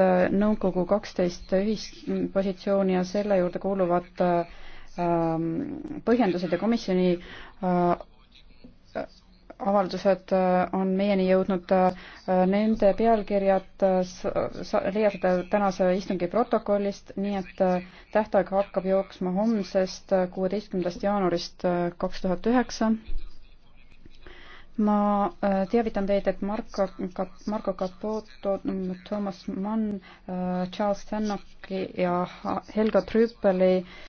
Äh, nõukogu kaksteist ühispositsiooni ja selle juurde kuuluvad ähm, põhjendused ja komisjoni äh, avaldused äh, on meieni jõudnud, nende pealkirjad leiate tänase istungi protokollist, nii et tähtaeg hakkab jooksma homsest, kuueteistkümnendast jaanuarist kaks tuhat üheksa ma äh, teavitan teid, et Marko, Marko Capoto, Thomas Mann, äh, Charles Tannoki ja Helga Trüppeli